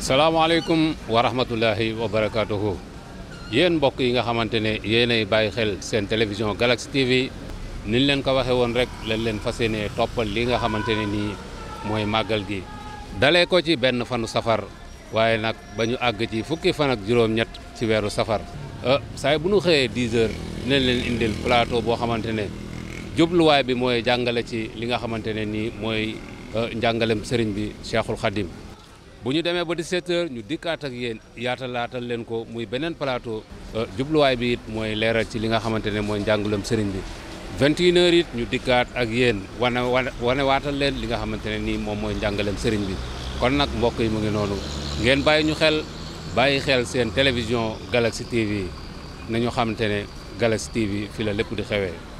salaamaaleykum wa rahmatullahi wa barakaatuhu yéen mbokk yi nga xamante ne yéenay bàyyi xel seen télévision Galaxy TV niñ leen ko waxee woon rek lañ leen fa yéenee toppal li nga xamante ne nii mooy màggal gi dalee ko ci benn fanu safar waaye nag ba ñu àgg ci fukki fan ak juróom-ñett ci weeru safar euh, saay bu ñu xëyee 10 heures leen indil plateau boo xamante ne jubluwaay bi mooy jàngale ci li nga xamante ne nii mooy euh, njàngalem sëriñ bi Cheikhul Khadim bu ñu demee ba di h ñu dikkaat ak yéen yaatalaatal leen ko muy beneen palaato euh, jubluwaay bi it mooy leeral ci li nga xamante ne mooy njàngalem sëriñ bi 21h it ñu dikkaat ak yéen wane wane waatal leen li nga xamante ne nii moom mooy njàngalem sëriñ bi kon nag mbokk yi mu ngi noonu ngeen bàyyi ñu xel bàyyi xel seen télévision Galaxy TV nañu xamante ne Galaxy TV fi la lépp di xewee